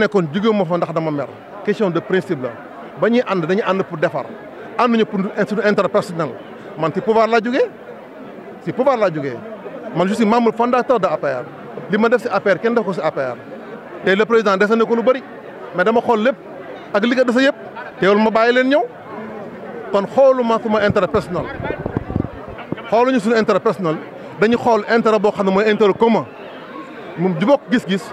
nekone jóge ma fa ndax dama mer question de principe la ba and ànd dañuy ànd pour defar ànd pour suñu intérêt man ci pouvoir la jógee ci pouvoir la jógee man je suis membre fondateur de APR li ma def ci APR ken def ko ci APR té le président dese na ko lu bari mais dama xol lepp ak li ko dese yëpp teewul ma bàyyi ñew kon xoluma suma interpersonnel personnel xooluñu suñu intérêt dañu xol intérêt bo xam moy mooy intérêt commun moom jubóog gis-gis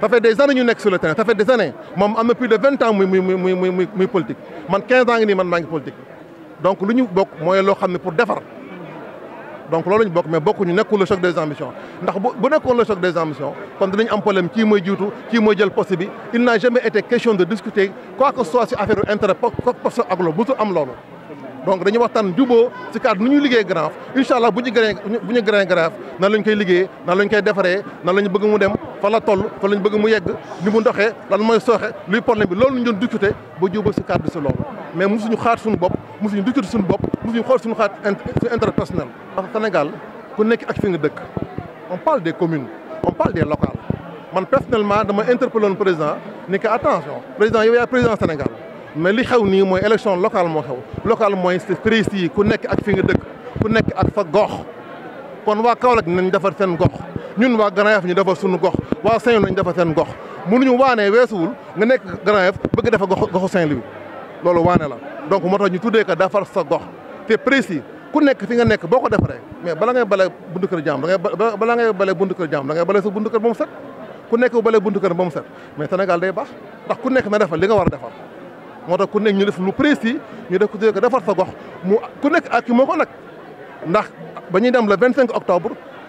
ça fait des années nous sommes sur le terrain ça fait des années Moi, am plus de 20 ans ans politique donc lu pour défendre. donc mais le choc des ambitions le des ambitions nous avons un problème il n'a jamais été question de discuter quoi que ce soit si affaire intérêt poste ak ce am donc nous faire des choses, cadre nous nous grave. grave, nous fa la toll fa lañ bëgg mu yegg ni mu ndoxee lan mooy sooxe luy problème bi loolu ñu doon discuter ba jubal si cadre si loolu mais mosuñu xaar suñu bopp mosuñu discuter suñu bopp mosuñu xool suñu xaar suñu intérêt personnel Sénégal ku nekk ak fi nga dëkk on parle des communes on parle des locales man personnellement dama interpellé woon président ni que attention président y a président Sénégal mais li xew nii mooy élection locale moo xew locale mooy précis yi ku nekk ak fi nga dëkk ku nekk ak fa gox kon waa Kaolack nañ defar seen gox ñun wa Grand ñu defar suñu gox wa Saint-Louis ñu defar sen gox mënu mënuñu waanee weesuwul nga nek Grand bëgg defar gox goxu Saint-Louis lolu wané la donc moo tax ñu tuddé ka defar sa gox té précis ku nek fi nga nek boko ko defaree mais bala ngay balé buntu kër jàmm da ngay bala ngay balé buntu kër jàmm da ngay balé sa buntu kër bamu mu ku nek balé buntu kër bamu mu mais Sénégal day bax tax ku nek na defal li nga wara defal defar tax ku nek ñu def lu précis ñu def ko tuddee que defar sa gox mu ku nek ak moko nak ndax bañu dem le 25 octobre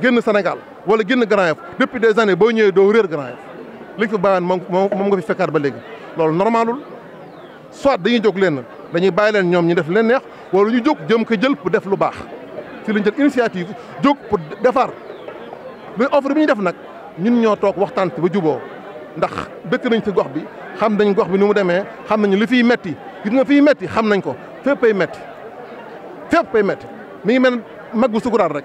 génn Sénégal wala génn Grand Yoff depuis des années boo ñëwee doo réer Grand Yoff fi bàyyiwaan moom moom nga fi fekkaat ba léegi loolu normalul soit dañuy jóg leen dañuy bàyyi leen ñoom ñu def leen neex wala ñu jóg jëm ko jël pour def lu baax ci lañ jël initiative jóg pour defar luy offre bi ñu def nag ñun ñoo toog waxtaan ba juboo ndax dëkk nañ ci gox bi xam nañ gox bi ni mu demee xam nañu li fiy metti gis nga fiy metti xam nañ ko fépp ay metti fépp ay mi ngi mel mag bu sukuraat rek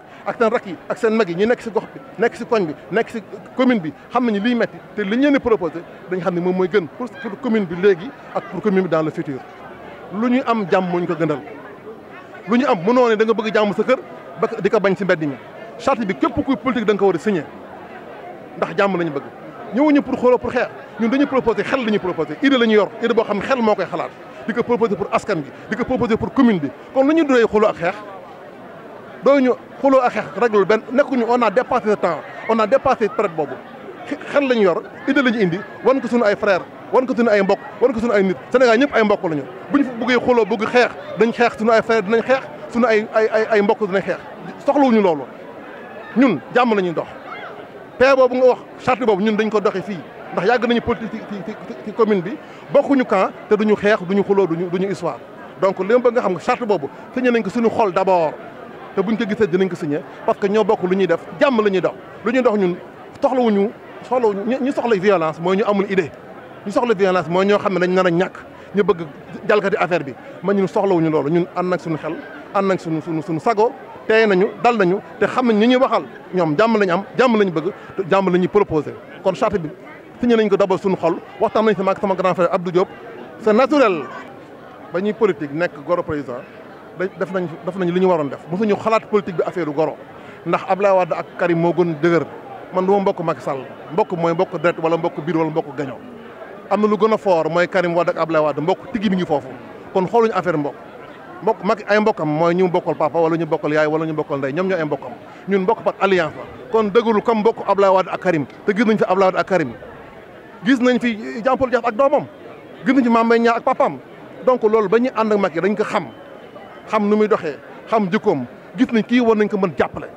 ak seen rak yi ak seen mag yi ñu nekk si gox bi nekk si koñ bi nekk si commune bi xam nañu liy metti te li ñu leen di proposé xam ne moom mooy gën pour commune bi léegi ak pour commune bi dans le futur lu ñu am jàmm moo ñu ko gënal lu ñu am mënoo ne bëgg jàmm sa kër ba di ko bañ si mbedd ñi charte bi képp kuy politique da nga ko a signé ndax jàmm lañu bëgg ñëwuñu pour xooloo pour xeex ñun dañu proposé xel la ñu proposé idée yor idée boo xam xel moo koy xalaat di ko doyuñu xuloo ak xeex réglul benn nekkuñu on a dépassé ce temps on a dépassé période boobu xel lañu yor idée lañu indi wan ko suñu ay frère wan ko suñu ay mbokk wan ko suñu ay nit Sénégal ñëpp ay mbokk lañu buñ fa bëggee xuloo bëgg xeex dañ xeex suñu ay frère dinañ xeex suñu ay ay ay ay mbokk dinañ xeex soxlawuñu loolu ñun jàmm lañuy dox paix boobu nga wax charte boobu ñun dañ ko doxee fii ndax yàgg nañu politique ci ci commune bi bokkuñu camp te duñu xeex duñu xuloo duñu duñu histoire donc li nga xam nga charte boobu signé nañ ko suñu xol d'abord te buñ ko gisee dinañ ko signé parce que ñoo bokk lu ñuy def jàmm la ñuy dox lu ñuy dox ñun soxlawuñu soxlaw ñu soxla violence mooy ñu amul idée ñu soxla violence mooy ñoo xam ne dañ nar a ñàkk ñu bëgg jalgati affaire bi ma ñun soxlawuñu loolu ñun ànd nag suñu xel ànd nag suñu suñu suñu sago tey nañu dal nañu te xam nañ ñi ñuy waxal ñoom jàmm lañu am jàmm lañu bëgg jàmm la ñuy kon charte bi signé nañ ko dabal suñu xol waxtaan nañ sama ak sama grand frère Abdou Diop c'est naturel ba ñuy politique nekk goro président def nañ def nañ li ñu waroon def mosuñu xalaat politique bi affaire goro ndax abla wad ak Karim mo gën dëgër man du ma mbokk Macky Sall mbokk moy mbokk dret wala mbokk bir wala mbokk gagnon amna lu gëna a fort mooy Karim wad ak Abdoulaye wad mbokk tigi mi ngi fofu kon xoluñ affaire mbokk mbokk mak ay mbokkam moy ñu bokkal papa wala ñu bokkal yaay wala ñu bokkal nday ñom ñoo ay mbokkam ñun mbokk par alliance la kon deugul kam mbokk Abdoulaye wad ak Karim te gis nañ fi Abdoulaye wad ak Karim gis nañ fi Jean Paul Dias ak domam gis nañ fi mamay ak papam donc lool bañu and ak Macky dañ ko xam xam nu muy doxee xam jikkoom gis nañ kii war nañ ko mën jàppale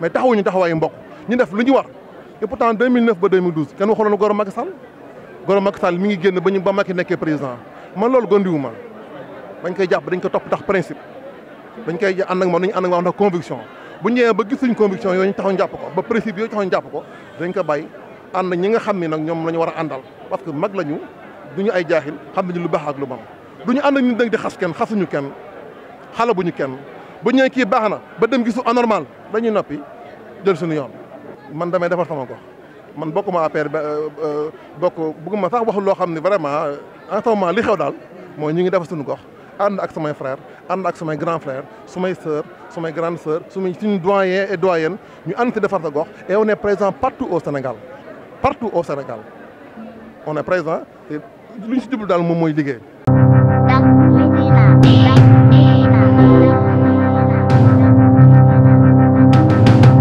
mais taxawuñu taxawaayu mbokk ñu def lu ñu war et pourtant 2009 ba 2012 kenn waxuloon Goro Macky Sall Goro mi ngi génn ba ñu ba Macky nekkee président man loolu gondiwu ma dañ koy jàpp dañ ko topp ndax principe dañ koy ànd ak moom dañu ànd ak moom ndax conviction bu ñëwee ba gis suñ conviction yooyu ñu taxoon jàpp ko ba principe yooyu taxoon jàpp ko dañ ko bàyyi ànd ñi nga xam ni nag ñoom la ñu war a àndal parce que mag lañu duñu ay jaaxil xam nañu lu baax ak lu bam duñu ànd ak ñun dañ di xas kenn xasuñu kenn xala buñu kenn bu na ba dem gisu anormal dañuy noppi jël suñu yoon man damay defar sama gox man bokkuma APR ba euh, euh, bokk bëgguma sax wax loo xam ni vraiment en ce li xew daal mooy ñu ngi suñu gox ak frère ànd ak grand frère sumay sœur sumay grande sœur doyen et doyenne ñu ànd des gox et on est présent partout au Sénégal partout au Sénégal on est présent te si jublu daal